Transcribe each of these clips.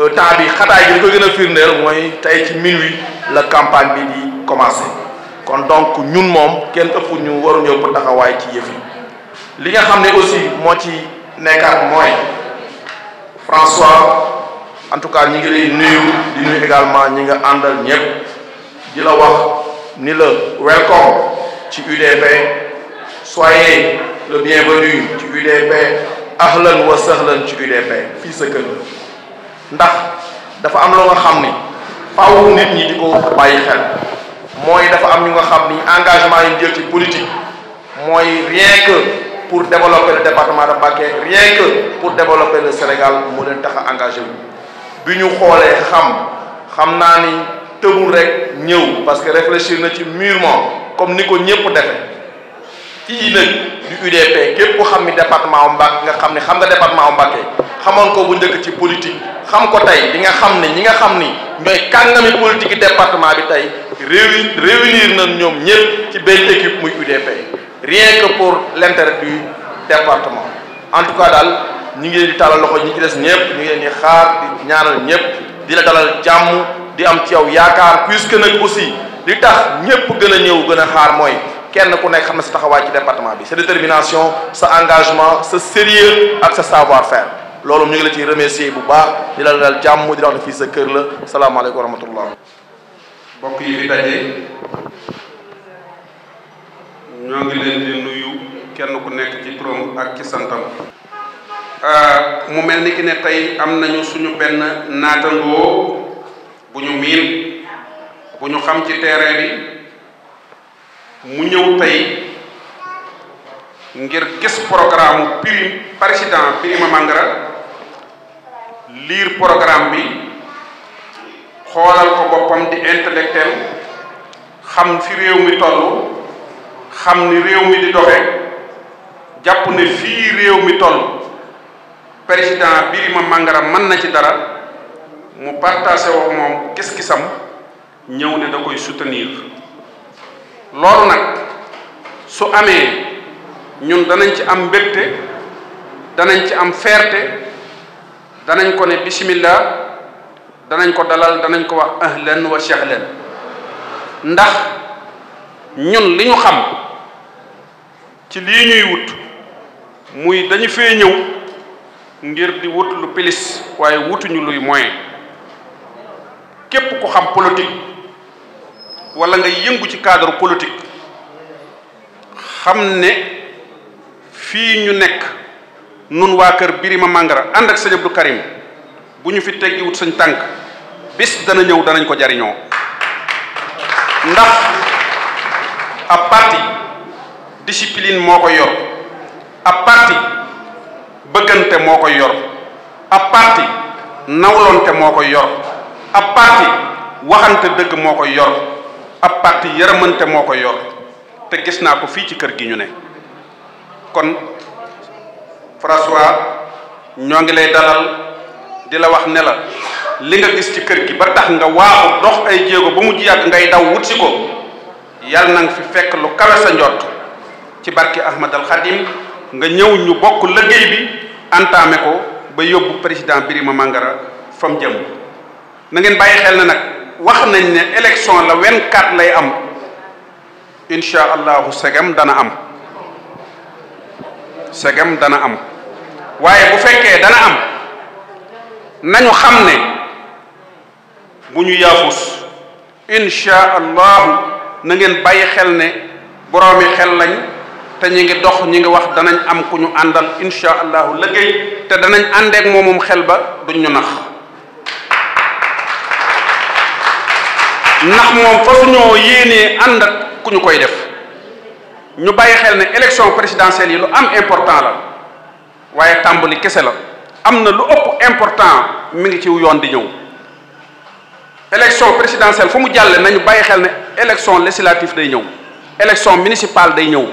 Euh, temps bi xataay gi li ko gën a firndeel mooy tey ci minuit la campagne bi di commencé kon donc ñun moom kenn ëpp ñu waruñoo ëpp taxawaay ci yëf yi li nga xam ne aussi moo ci nekkaat mooy François en tout cas ñi ngi lay nuyu di nuyu également ñi nga àndal ñëpp di la wax ni la welcome ci UDP soyez le bienvenu ci UDP ahlan wa sahlan ci UDP fii sa kër ndax dafa am loo nga xam ni faaw nit ñi di ko bàyyi xel mooy dafa am ñu nga xam ni engagement yi jël ci politique mooy rien que pour développer le département de Mbacké rien que pour développer le Sénégal moo leen tax a engagé bi ñu xoolee xam xam naa ni tëbul rek ñëw parce que réfléchir na ci mûrement comme ni ko ñëpp defe fii nag du UDP képp ku xam ni département Mbacké nga xam ni xam nga département Mbacké xamoon ko bu njëkk ci politique xam ko tey di nga xam ni ñi nga xam ni ñooy kàngami politique yi département bi tey réuni réunir nañ ñoom ñëpp ci benn équipe muy UDP rien que pour l'intérêt du département en tout cas daal ñi ngi leen di tàllal loxo ñi ci des ñëpp ñu ngi leen di xaar di ñaanal ñëpp di la dalal jàmm di am ci yow yaakaar puisque nag aussi li tax ñëpp gën a ñëw gën a xaar mooy kenn ku nekk xam na sa taxawaay ci département bi sa détermination sa engagement sa sérieux ak sa savoir faire loolu ñu ngi la ciy remercier bu baax di la daal jàmm di la wax ne fii sa kër la salaamaaleykum wa rahmatullah mbokk yi fi daje ñoo ngi leen di nuyu kenn ku nekk ci turam ak ci santam ah, mu mel ni ki ne tey am nañu suñu benn naatangoo bu ñu miin bu ñu xam ci terrain bi mu ñëw tey ngir gis programme prime président Birima Mangara liir programme bi xoolal ko boppam di intellectuel xam fi réew mi toll xam ni réew mi di doxe jàpp ne fii réew mi toll président Birima Mangara mën na ci dara mu partagé wax moom gis-gisam ñëw ne da koy soutenir loolu nag su amee ñun danañ ci am mbégte danañ ci am fierté danañ ko ne bismillah danañ ko dalal danañ ko wax ahlan wa sahlan ndax ñun li ñu xam ci lii ñuy wut muy dañu fee ñëw ngir di wut lu pilis waaye wutuñu luy moyen képp ku xam politique wala nga yëngu ci cadre politique xam ne fii ñu nekk nun waa kër Birima Mangara ànd ak sëñ Abdou Karim bu ñu fi teggiwut suñ tànk bis dana ñëw danañ ko jariñoo ndax ab parti discipline moo ko yor ab parti bëggante moo ko yor ab parti nawlonte moo ko yor ab parti waxante dëgg moo ko yor ab parti yërëmante moo ko yor te gis naa ko fii ci kër gi ñu ne François ñoo ngi lay dalal di la wax ne li nga gis ci kër gi ba tax nga waaxu dox ay jéego ba mu yàgg ngay daw wut si ko yàlla na nga fi fekk lu kawe sa njott ci barki Ahmad al nga ñëw ñu bokk liggéey bi entamé ko ba yóbbu président Birima Mangara fam jëm na ngeen bàyyi xel na nag wax nañ ne élection la 24 lay am incha allahu segam dana am segam dana am waaye bu fekkee dana am nañu xam ne bu ñu yaafus insha allahu na ngeen bàyyi xel ne boroomi xel nañ te ñu ngi dox ñu ngi wax danañ am ku ñu àndal insha allahu liggéey te danañ àndeek moomum xel ba duñ ñu nax ndax moom fa suñoo yéenee ànd ak ku ñu koy def ñu bàyyi xel ne élection présidentielle yi lu am important la waaye tàmbali kese la am na lu ëpp important mi ngi ci yoon di ñëw élection présidentielle fu mu jàlle nañu bàyyi xel ne élection législative day ñëw élection municipale day ñëw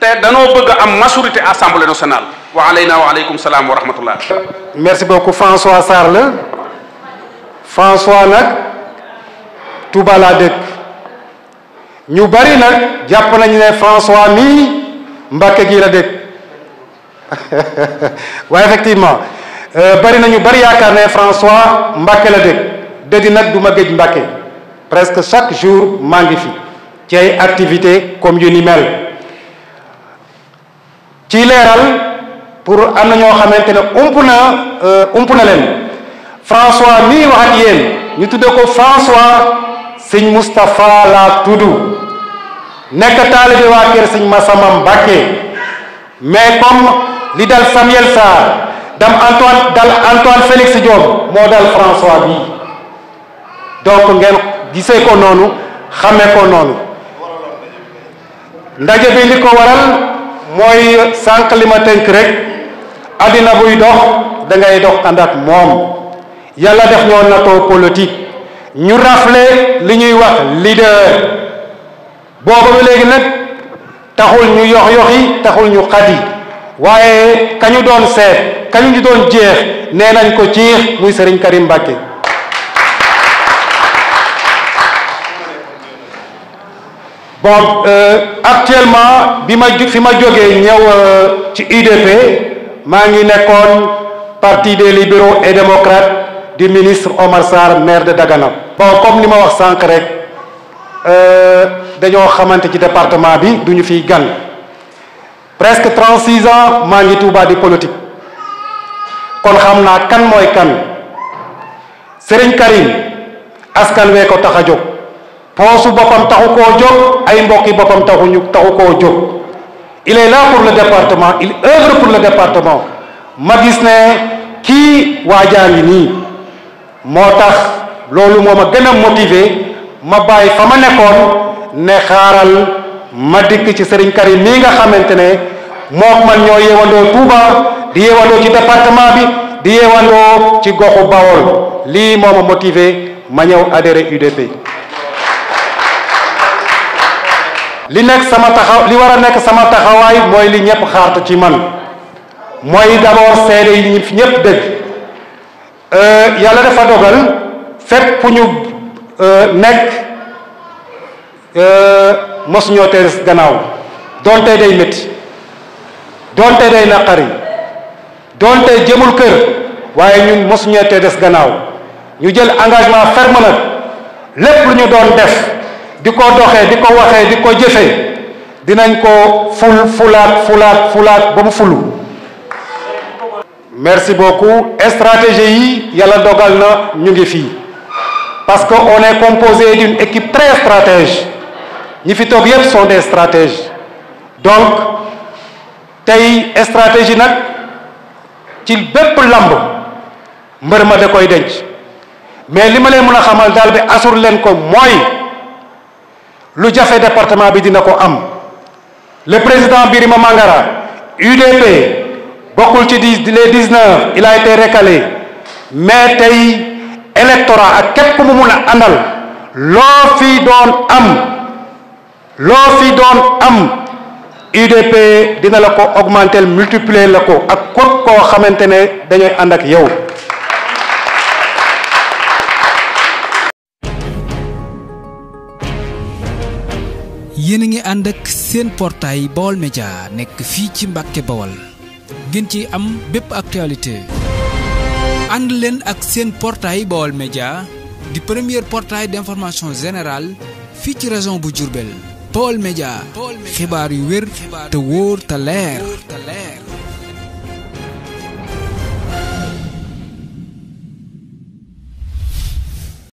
te danoo bëgg am majorité assemblée nationale wa aleyna wa aleykum salaam wa rahmatullah merci beaucoup François Sarr la François nag Touba laa dëkk ñu bari nag jàpp nañu ne François mii Mbàkke gi la dëkk waaye effectivement euh, bari nañu bari yaakaar ne François Mbacke la dégg dégg nag du ma géej Mbacke presque chaque jour maa ngi fi ci ay activité comme yu ni ci leeral pour am na ñoo xamante ne ump na euh, ump na leen François mii wax ak ñu tudde ko François sëñ Moustapha la tudd nekk taalibe waa kër sëñ Massamba Mbacke mais comme li dal Samuel Sarr dam Antoine dal Antoine Félix Diome moo dal François bi donc ngeen gisee ko noonu xamee ko noonu ndaje bi li ko waral mooy sànq li ma rek àddina buy dox da ngay dox ànd moom yàlla def ñoo natoo politique ñu rafle li ñuy wax leader boobu léegi nag taxul ñu yox yoxi taxul ñu xadi waaye kañu doon seet kañu ñu doon jeex nee nañ ko ciix muy sëriñ Karim Mbàkke bon euh, actuellement bi ma fi ma jógee ñëw euh, ci UDP maa ngi nekkoon parti des libéraux et démocrates di ministre Omar Sarr maire de Dagana bon comme li ma wax sànq rek euh, dañoo xamante ci département bi duñu fiy gan presque 36 ans maa ngi Touba di politique kon xam naa kan mooy kan sëriñ Karim askan wee ko tax a jóg poosu boppam taxu koo jóg ay mbokki boppam taxuñu taxu koo jóg il est là pour le département il œuvre pour le département ma gis ne kii waajaa ngi nii moo tax loolu moo ma gën a motiver ma bàyyi fa ma nekkoon ne xaaral ma dikk ci sëriñ Karim mii nga xamante ne moom man ñoo yeewandoo Touba di yeewandoo ci département bi di yeewandoo ci goxu Bawol lii moo ma motivé ma ñëw adhéré UDP li nekk sama taxaw li war a nekk sama taxawaay mooy li ñëpp xaartu ci man mooy d'abord seede yi ñi ñëpp euh, yàlla dafa dogal fépp fu ñu euh, nekk euh, mosuñoo tees gannaaw doonte day métti donte day naqari donte jëmul kër waaye ñu mosuñee te des gannaaw ñu jël engagement ferme nag lépp lu ñu doon def di ko doxee di ko waxee di ko jëfee dinañ ko ful fulaat fulaat fulaat ba mu fulu merci beaucoup stratégie yi yàlla dogal na ñu ngi fii parce que on est composé équipe très stratège ñi fi toog yépp sont des stratèges donc tey stratégie nag ci bépp lamb mbër ma de koy denc mais li ma leen mën a xamal daal bi asur leen ko mooy lu jafe département bi dina ko am le président Birima Mangara UDP bokkul ci di les 19 il a été recalé mais tey électorat ak képp ku mu mun a àndal loo fi doon am loo fi doon am UDP dina la ko augmenter multiplier la ko ak kot koo xamante ne dañuy ànd ak yow. yéen a ngi ànd ak seen portail Baol Média nekk fii ci Mbàkke Bawol ngeen ci am bépp actualité ànd leen ak seen portaay Baol Média di premier portail d'information générale fii ci région bu Diourbel Baol Média xibaar yu wér te wóor te leer